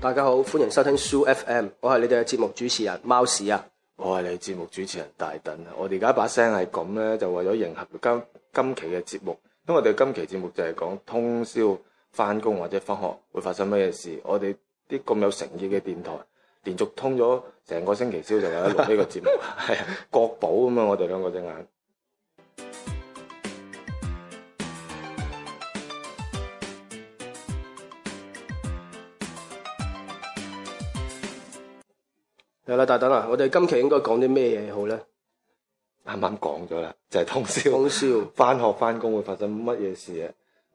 大家好，歡迎收聽蘇 FM，我係你哋嘅節目主持人貓屎啊，我係你節目主持人大鄧啊，我哋而家把聲係咁咧，就為咗迎合今今期嘅節目，因為我哋今期節目就係講通宵翻工或者翻學會發生乜嘢事，我哋啲咁有誠意嘅電台連續通咗成個星期宵就有一錄呢個節目，係啊， 國寶咁嘛，我哋兩個隻眼。有啦，大等啦、啊，我哋今期應該講啲咩嘢好咧？啱啱講咗啦，就係、是、通宵。通宵返 學返工會發生乜嘢事啊？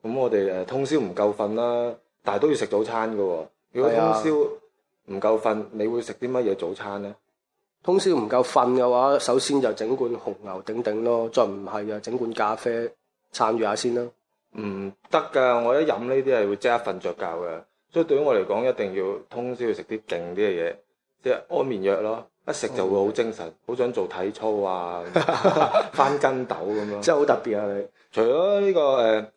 咁我哋誒通宵唔夠瞓啦，但係都要食早餐㗎喎、哦。如果通宵唔夠瞓，啊、你會食啲乜嘢早餐咧？通宵唔夠瞓嘅話，首先就整罐紅牛頂頂咯，再唔係啊整罐咖啡撐住下先囉。唔得㗎，我一飲呢啲係會即刻瞓着覺嘅，所以對於我嚟講，一定要通宵要食啲勁啲嘅嘢。即安眠藥咯，一食就會好精神，好、哦、想做體操啊， 翻筋斗咁樣。真係好特別啊！你除咗呢、呢個誒、呃，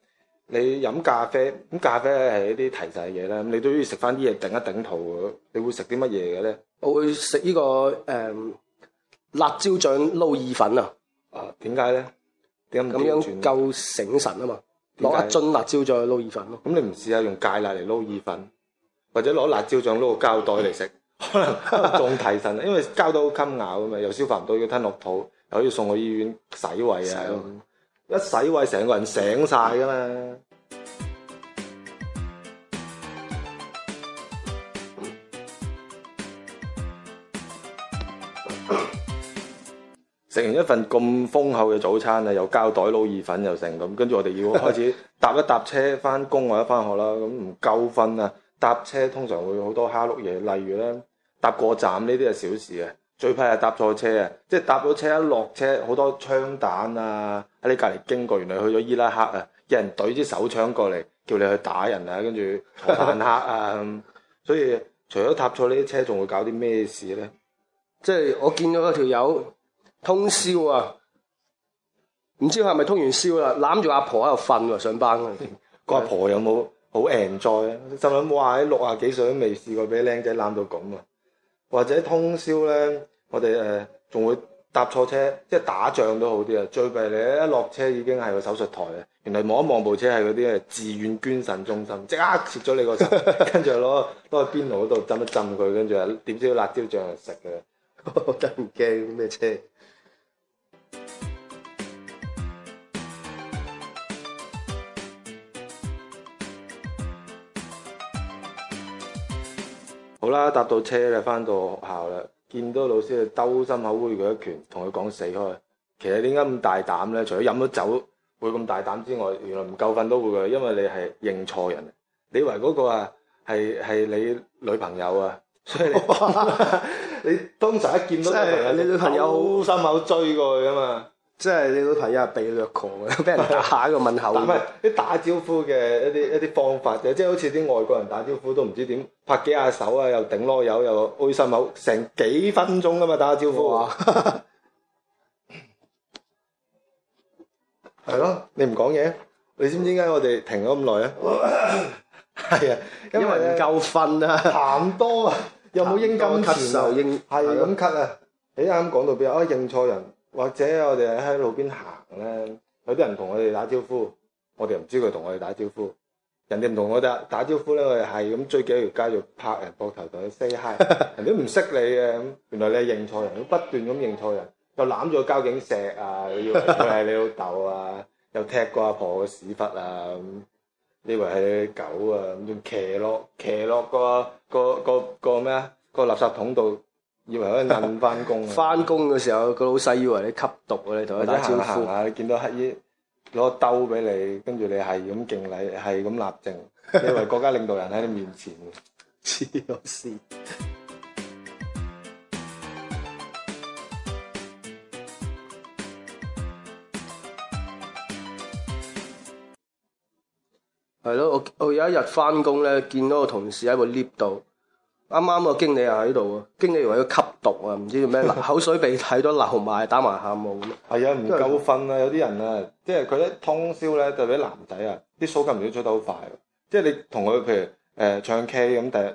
你飲咖啡，咁咖啡係一啲提神嘅嘢呢，咁你都要食翻啲嘢頂一頂肚。你會食啲乜嘢嘅咧？我會食呢、呢個誒、呃、辣椒醬撈意粉啊！啊，點解咧？點咁樣夠醒神啊嘛！攞一樽辣椒醬撈意粉咯。咁你唔試下用芥辣嚟撈意粉，或者攞辣椒醬撈個膠袋嚟食？可能仲提神， 因為膠袋好襟咬啊嘛，又消化唔到要吞落肚，又要送去醫院洗胃啊了，一洗胃成個人醒晒噶嘛。食 完一份咁豐厚嘅早餐啊，又膠袋撈意粉又成咁，跟住我哋要開始搭一搭車翻工或者翻學啦，咁唔夠瞓啊，搭車通常會好多蝦碌嘢，例如咧。搭過站呢啲係小事啊！最怕係搭錯車啊！即係搭咗車一落車，好多槍彈啊！喺你隔離經過，原來去咗伊拉克啊！有人隊支手槍過嚟，叫你去打人啊！跟住行客啊！ 所以除咗搭錯呢啲車，仲會搞啲咩事呢？即係我見到嗰條友通宵啊！唔知係咪通完宵啊攬住阿婆喺度瞓喎上班啊！個 阿婆有冇好 enjoy 啊？喺六啊幾歲都未試過俾靚仔攬到咁啊！或者通宵呢，我哋誒仲會搭錯車，即係打仗都好啲啊！最弊你一落車已經係個手術台啊！原來望一望部車係嗰啲自願捐腎中心，即刻切咗你個腎， 跟住攞攞去邊爐嗰度浸一浸佢，跟住點少辣椒醬嚟食嘅， 我真唔驚咩車？好啦，搭到車啦，翻到學校啦，見到老師就兜心口揮佢一拳，同佢講死開。其實點解咁大膽呢？除咗飲咗酒會咁大膽之外，原來唔夠瞓都會㗎，因為你係認錯人。你以為嗰個啊係係你女朋友啊，所以你當 當時一見到朋你女朋友，好心口追過去啊嘛。即係你都睇下。被虐狂，俾人打一個問候。唔係啲打招呼嘅一啲一啲方法嘅，即係好似啲外國人打招呼都唔知點拍幾下手啊，又頂囉柚，又開心口，成幾分鐘噶嘛打個招呼。係咯哇， 你唔講嘢，你知唔知點解我哋停咗咁耐啊？係啊， 因為唔夠瞓啊， 痰多啊，有冇應金錢啊，係咁咳啊！ 的的你啱啱講到邊啊、哎？認錯人。或者我哋喺路邊行咧，有啲人同我哋打招呼，我哋唔知佢同我哋打招呼。人哋唔同我打打招呼咧，我哋係咁追幾條街，要拍人膊頭同佢 say hi，人哋都唔識你嘅咁。原來你係認錯人，不斷咁認錯人，又攬咗個交警石啊，以為佢係你老豆啊，又踢過阿婆個屎忽啊，咁以為係狗啊，咁仲騎落騎落個個個個咩啊？個垃圾桶度。以為可以揾翻工。翻工嘅時候，個老細以為你吸毒啊！你同佢打招呼，行行下，見到乞兒攞個兜俾你，跟住你係咁敬禮，係咁立正，以為國家領導人喺你面前嘅。黐撚線。係咯，我我有一日翻工咧，見到個同事喺個 lift 度。啱啱個經理又喺度啊，經理以為佢吸毒 啊，唔知叫咩，口水鼻涕都流埋，打埋喊冇？咁係啊，唔夠瞓啊，有啲人啊，即係佢一通宵咧，特別啲男仔啊，啲鬚根都出得好快。即係你同佢譬如誒、呃、唱 K 咁，第日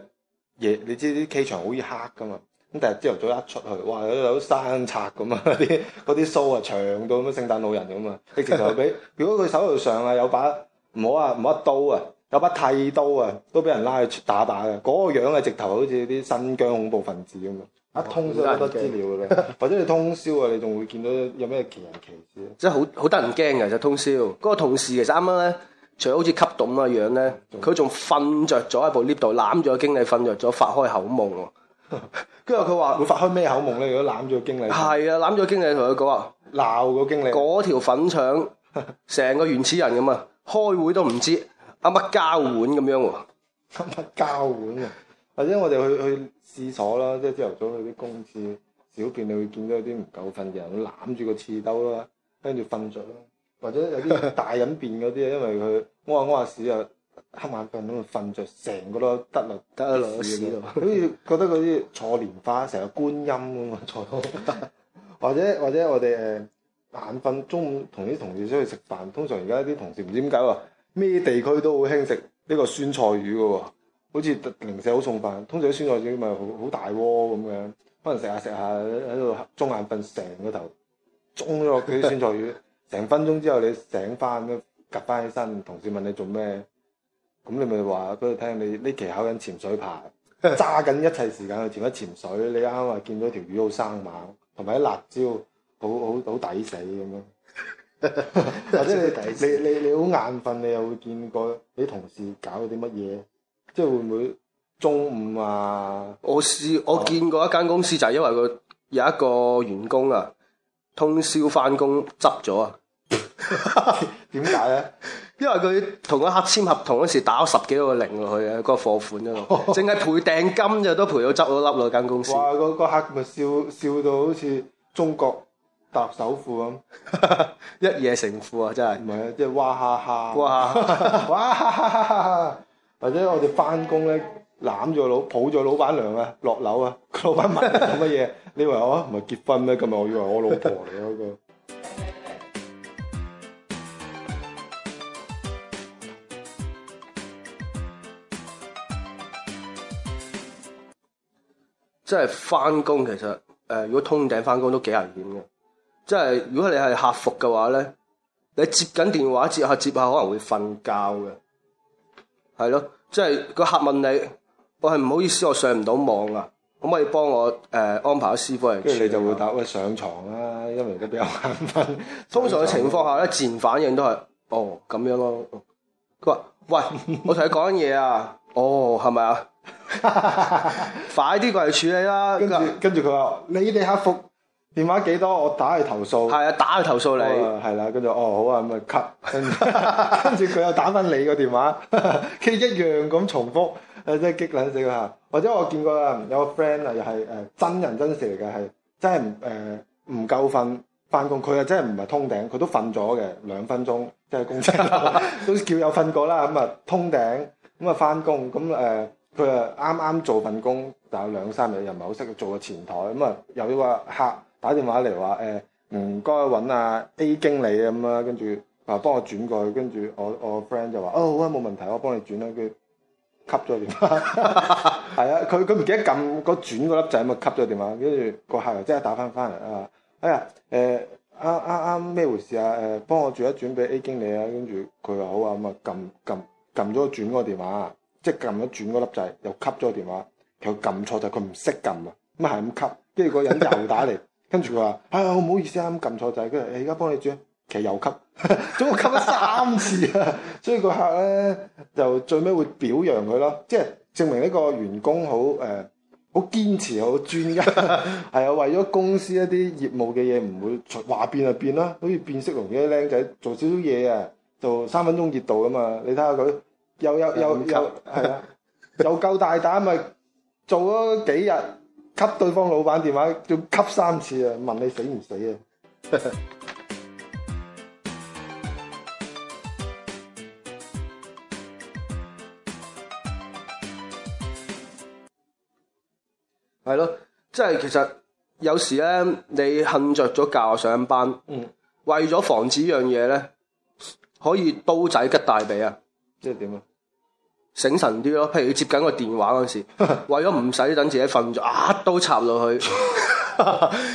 夜你知啲 K 場好黑噶嘛，咁第日朝頭早一出去，哇，有啲山賊咁啊，啲嗰啲鬚啊長到咩聖誕老人咁啊，直頭俾如果佢手頭上啊有把唔好啊唔好一刀啊！有把剃刀啊，都俾人拉去打靶嘅。嗰、那個樣啊，直頭好似啲新疆恐怖分子咁樣。一、啊、通咗好多資料嘅咧， 或者你通宵啊，你仲會見到有咩奇人奇事咧？即係好好得人驚嘅，就通宵。嗰、那個同事其實啱啱咧，除咗好似吸毒咁嘅樣咧，佢仲瞓着咗喺部 lift 度，攬住個經理瞓着咗，發開口夢喎。跟住佢話：會發開咩口夢咧？如果攬住、啊、個經理？係啊，攬住個經理同佢講啊，鬧個經理。嗰條粉腸，成個原始人咁啊！開會都唔知。啱乜膠碗咁樣喎、哦？啱乜膠碗啊？或者我哋去去廁所啦，即係朝頭早去啲公廁小便，你會見到有啲唔夠瞓嘅人攬住個廁兜啦，跟住瞓着啦。或者有啲大飲便嗰啲啊， 因為佢屙下屙下屎啊， 黑晚瞓咁啊瞓着，成個都得落 得落好似覺得佢好似坐蓮花，成日觀音咁啊坐到。或者或者我哋誒眼瞓，呃、中午同啲同事出去食飯，通常而家啲同事唔知點解喎。咩地區都好興食呢個酸菜魚嘅喎、哦，好似零舍好送飯。通常啲酸菜魚咪好好大鍋咁樣，可能食下食下喺度瞌眼瞓成個頭，中咗落佢啲酸菜魚。成 分鐘之後你醒翻咧，趌翻起身，同事問你做咩？咁你咪話俾佢聽，你呢期考緊潛水牌，揸緊一切時間去潛一潛水。你啱啱話見到條魚好生猛，同埋啲辣椒好好好抵死咁樣。或者你第你你你好眼瞓，你又會見過你同事搞啲乜嘢？即係會唔會中午啊？我試我見過一間公司就係因為佢有一個員工啊，通宵翻工執咗啊！點解咧？因為佢同個客簽合同嗰時打咗十幾個零落去嘅嗰個貨款嗰度，淨係賠訂金就都賠到執到笠啦間公司。哇！個個客咪笑笑到好似中國。搭首富咁一夜成富啊！真係唔係啊！即係、就是、哇哈哈」，哇哇或者我哋翻工咧攬住老抱住老闆娘啊落樓啊老闆問我乜嘢？ 你以為我唔係結婚咩？今日我以為我老婆嚟嗰個。 即係翻工其實、呃、如果通頂翻工都幾危險嘅。即係如果你係客服嘅話咧，你接緊電話接下接下可能會瞓覺嘅，係咯。即係個客問你，我係唔好意思，我上唔到網啦，可唔可以幫我誒、呃、安排個師傅嚟？跟住你就會答佢上床啦，因為而家比較眼瞓。通常嘅情況下咧，自然反應都係哦咁樣咯。佢話、哦、喂，我同你講緊嘢啊， 哦係咪啊？ 快啲過嚟處理啦！跟住着說跟住佢話你哋客服。電話幾多？我打去投訴。係啊，打去投訴你。係啦，跟住哦，好啊，咁啊，cut。跟住佢又打翻你個電話，佢一 樣咁重複，誒，真係激撚死佢吓。或者我見過有個 friend 啊，又係誒真人真事嚟嘅，係真係唔誒唔夠瞓翻工，佢啊真係唔係通頂，佢都瞓咗嘅兩分鐘，即係公仔 都叫有瞓過啦。咁啊通頂，咁啊翻工，咁誒佢啊啱啱做份工，但係兩三日又唔係好識做個前台，咁啊有一個客。打電話嚟話，誒唔該揾阿 A 經理。咁啊跟住話幫我轉過去，跟住我我 friend 就話 哦好啊，冇問題，我幫你轉啦，佢吸咗電話。係 啊，佢佢唔記得撳個轉嗰粒掣，咁啊扱咗電話，跟住個客又即刻打翻翻嚟啊，哎呀誒啱啱啱咩回事啊？誒、欸、幫我轉一轉俾 A 經理啊，跟住佢話好啊，咁啊撳撳撳咗轉個電話，即係撳咗轉嗰粒掣又吸咗個電話，佢撳錯就佢唔識撳啊，咁係咁吸。跟住個人又打嚟。 跟住佢話：啊、哎，我唔好意思，啊。」啱撳錯掣，跟住而家幫你轉，其實又吸，總共吸咗三次啊！ 所以個客咧就最尾會表揚佢咯，即係證明呢個員工好誒，好、呃、堅持，好專一，係啊，為咗公司一啲業務嘅嘢唔會話變就變啦，好似變色龍啲靚仔做少少嘢啊，就三分鐘熱度啊嘛！你睇下佢又又用 又又係吸啊， 又夠大膽咪做咗幾日。給對方老闆電話，要給三次啊！問你死唔死啊？係咯， 即 係其實有時咧，你瞓着咗覺上班，嗯、為咗防止樣嘢咧，可以刀仔吉大髀啊！即係點啊？醒神啲咯，譬如要接緊個電話嗰時， 為咗唔使等自己瞓咗，啊刀插落去，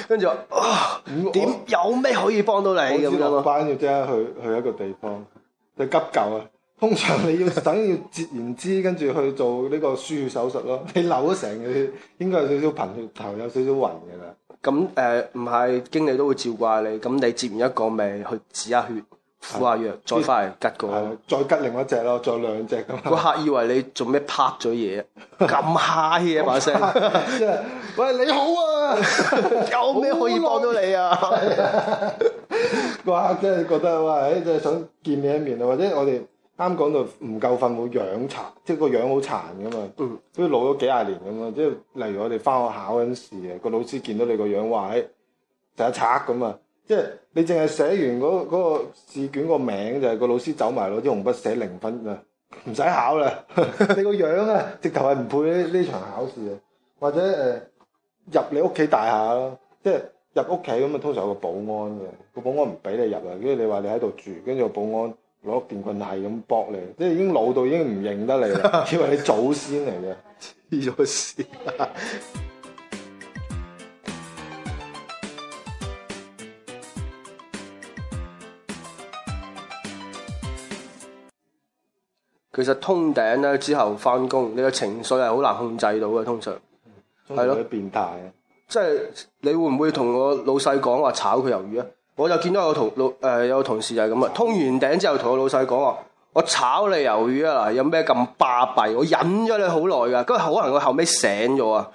跟住話點有咩可以幫到你咁樣咯？返要即刻去去一個地方，就急救啊！通常你要等 要截完肢跟住去做呢個輸血手術咯。你流咗成個血，應該有少少貧血頭，有少少暈嘅啦。咁誒唔係經理都會照掛你，咁、嗯、你接完一個咩？去止下血。敷下藥再翻嚟吉個，再吉另外一隻咯，再兩隻咁。個客以為你做咩拍咗嘢，咁 嗨嘅把聲，即係 喂你好啊， 有咩可以幫到你啊？個客真係覺得哇，誒真係想見你一面啊！或者我哋啱講到唔夠瞓會樣殘，即係個樣好殘嘅嘛，都、嗯、老咗幾廿年咁啊！即係例如我哋翻學校嗰陣時啊，個老師見到你個樣,、欸、樣，哇！誒，第一拆咁啊～即係你淨係寫完嗰、嗰個嗰個試卷個名就係、係、個老師走埋攞支紅筆寫零分 啊，唔使考啦！你個樣啊，直頭係唔配呢場考試啊，或者、呃、入你屋企大廈咯，即係入屋企咁啊，通常有個保安嘅，個保安唔俾你入啊，跟住你話你喺度住，跟住個保安攞電棍係咁搏你，即係已經老到已經唔認得你啦， 以為你祖先嚟嘅，黐咗線。 其實通頂咧之後翻工，你個情緒係好難控制到嘅，通常係咯，變態，即係你會唔會同個老細講話炒佢魷魚啊？我就見到有同老誒、呃、有個同事就係咁啊，炒通完頂之後同個老細講話：我炒你魷魚啊！嗱，有咩咁巴閉？我忍咗你好耐㗎，跟住可能佢後尾醒咗啊，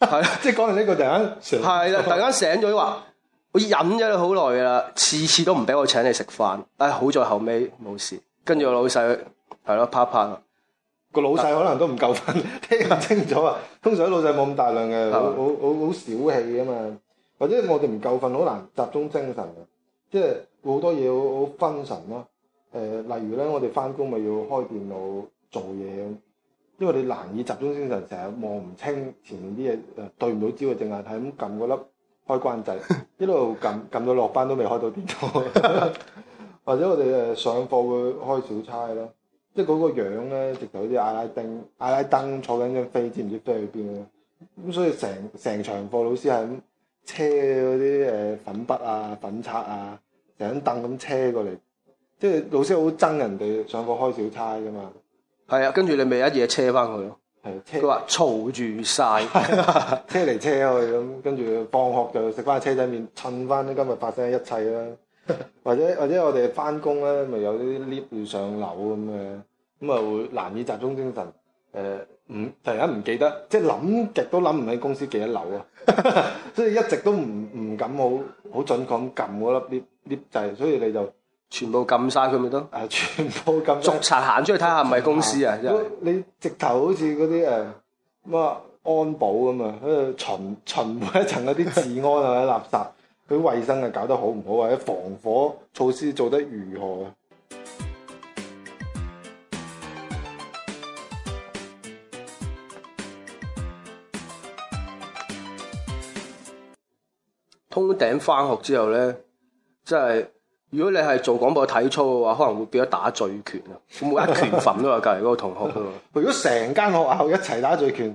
係啊！即係講完呢個突然間醒，係啦，突然間醒咗話：我忍咗你好耐㗎啦，次次都唔俾我請你食飯。唉、哎，好在後尾冇事，跟住個老細。係咯，啪啪。個老細可能都唔夠瞓，但聽唔清楚啊！通常啲老細冇咁大量嘅，好好好好小氣啊嘛，或者我哋唔夠瞓，好難集中精神嘅，即係好多嘢好好分神咯。誒，例如咧，我哋翻工咪要開電腦做嘢，因為你難以集中精神，成日望唔清前面啲嘢，誒對唔到焦，淨係睇咁撳粒開關掣，一路撳撳到落班都未開到電腦， 或者我哋誒上課會開小差咯。即係嗰個樣咧，直頭好似阿拉丁，阿拉登坐緊張飛，知唔知飛去邊啊？咁所以成成場課老師係咁車嗰啲誒粉筆啊、粉刷啊，成日咁車過嚟。即係老師好憎人哋上課開小差㗎嘛？係啊，跟住你咪一夜車翻去囉。係，佢話嘈住晒，車嚟、 啊、車，車去咁，跟住放學就食翻車仔麵，襯翻今日發生嘅一切啦。 或者或者我哋翻工咧，咪有啲 lift 要上樓咁樣，咁啊會難以集中精神，誒、呃，唔突然間唔記得即係諗極都諗唔起公司幾多樓啊， 所以一直都唔唔敢好好準確咁撳嗰粒 lift lift 掣，所以你就全部撳晒佢咪得？啊，全部撳。逐層行出去睇下，唔係公司啊？你直頭好似嗰啲誒，乜安保咁啊，喺度巡巡每一層嗰啲治安啊，或者垃圾。 佢衛生啊搞得好唔好，或者防火措施做得如何？通頂返學之後咧，即係如果你係做廣播體操嘅話，可能會變咗打醉拳啊！咁每一拳份都有 隔離嗰個同學噶。如果成間學校一齊打醉拳，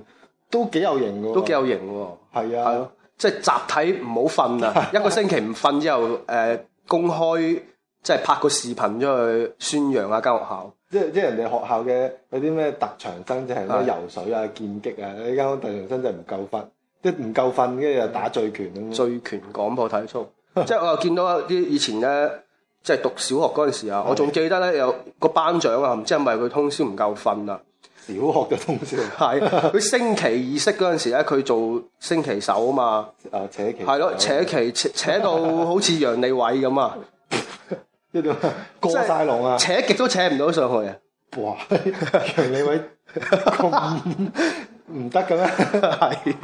都幾有型喎。都幾有型喎！係啊。即係集體唔好瞓啊！ 一個星期唔瞓之後，誒、呃，公開即係拍個視頻出去宣揚啊間學校。即係即係人哋學校嘅有啲咩特長生，就係咩游水啊、劍擊啊。呢間的特長生就唔夠瞓，係唔夠瞓，跟住又打醉拳咁、啊。醉拳、廣播體操， 即係我又見到啲以前咧，即係讀小學嗰陣時啊， 我仲記得咧有個班長啊，唔知係咪佢通宵唔夠瞓啦。小學嘅通宵係佢升旗儀式嗰陣時咧，佢做升旗手啊嘛，啊扯旗係咯，扯旗，扯，旗扯，扯，扯到好似楊利偉咁 啊，即係過晒龍啊，扯極都扯唔到上去啊！哇，楊利偉咁唔得嘅咩？係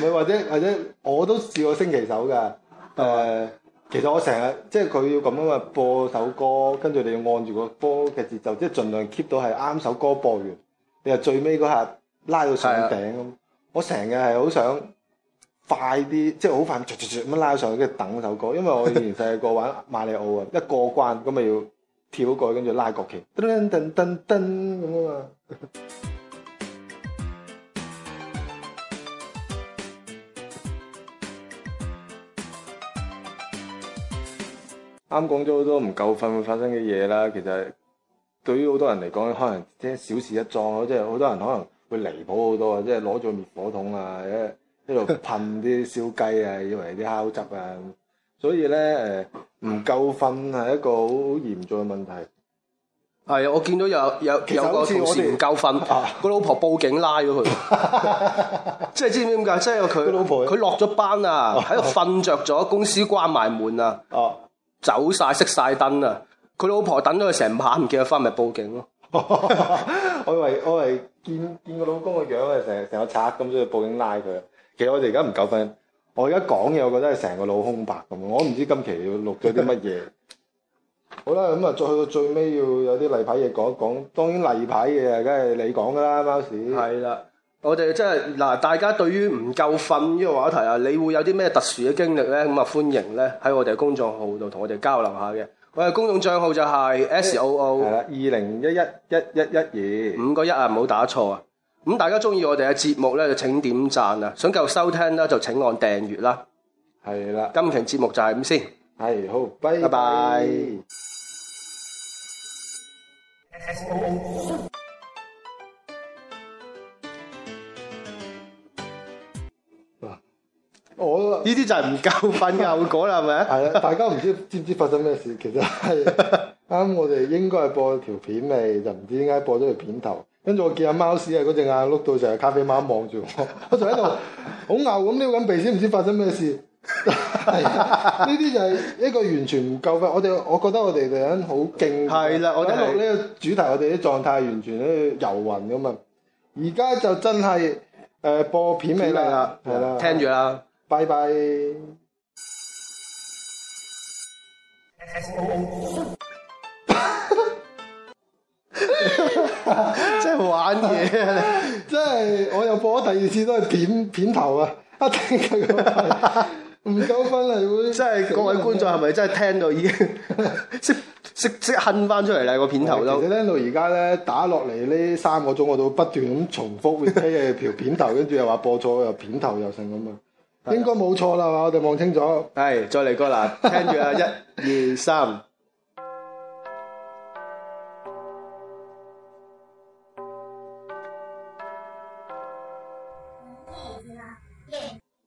咪或者或者我都試過升旗手嘅？誒、呃，其實我成日即係佢要咁樣嘅播首歌，跟住你要按住個歌嘅節奏，即係盡量 keep 到係啱首歌播完。你話最尾嗰下拉到上頂咁，我成日係好想快啲，即係好快咁，咁拉上去跟住等首歌。因為我以前細個玩瑪利奧啊，一過關咁咪要跳過去，跟住拉國旗，噔噔噔噔咁啊嘛。啱講咗好多唔夠瞓會發生嘅嘢啦，其實。對於好多人嚟講，可能即係小事一樁咯，即係好多人可能會離譜好多啊！即係攞咗滅火筒啊，一一路噴啲燒雞啊，以為啲烤汁啊，所以咧誒，唔夠瞓係一個好嚴重嘅問題。係啊，我見到有有有個同事唔夠瞓，個老婆報警拉咗佢，即係 知唔知點解？即係佢佢落咗班啊，喺度瞓着咗，啊、公司關埋門啊，走晒熄晒燈啊。佢老婆等咗佢成晚不，唔記得翻，咪報警咯 我以為我係見見個老公個樣啊，成日成個賊咁，所以報警拉佢。其實我哋而家唔夠瞓，我而家講嘅，我覺得係成個腦空白咁。我唔知今期要錄咗啲乜嘢。 好啦，咁啊，再去到最尾要有啲例牌嘢講一講。當然例牌嘢，梗係你講噶啦，貓屎。係啦，我哋即係嗱，大家對於唔夠瞓呢個話題啊，你會有啲咩特殊嘅經歷咧？咁啊，歡迎咧喺我哋公眾號度同我哋交流下嘅。我哋公眾賬號就係 S O O，係啦，二零一一一一一二，五個一啊，唔好打錯啊。咁大家中意我哋嘅節目咧，就請點讚啊！想繼續收聽咧，就請按訂閱啦。係啦，今期節目就係咁先。係，好，拜拜 bye。Bye bye 呢啲我就係唔夠瞓嘅後果啦，係咪啊？啊吧！ 大家唔知知唔知發生咩事？其實係啱， 我哋應該係播一條片嚟，就唔知點解播咗條片頭。跟住我見阿貓屎啊，嗰、那、隻、個、眼碌到成個咖啡貓望住我， 我就喺度好牛咁撩緊鼻，先唔知發生咩事。呢啲 就係一個完全唔夠瞓。我哋我覺得我哋突然好勁，一路呢個主題，我哋啲狀態完全喺度遊魂咁啊！而家就真係誒、呃、播片嚟啦，係啦，的聽住啦。拜拜！即係玩嘢，即係我又播咗第二次都係片片頭啊！一聽佢唔夠分啦，會。即係各位觀眾係咪真係聽到已經識識識哼翻出嚟啦？個片頭都。其實聽到而家咧，打落嚟呢三個鐘我都不斷咁重，重複，即係條片頭，跟住又話播咗，又片頭又成咁啊！應該冇錯啦， 我哋望清楚。係， 再嚟過啦，聽住啊，一、 二、三。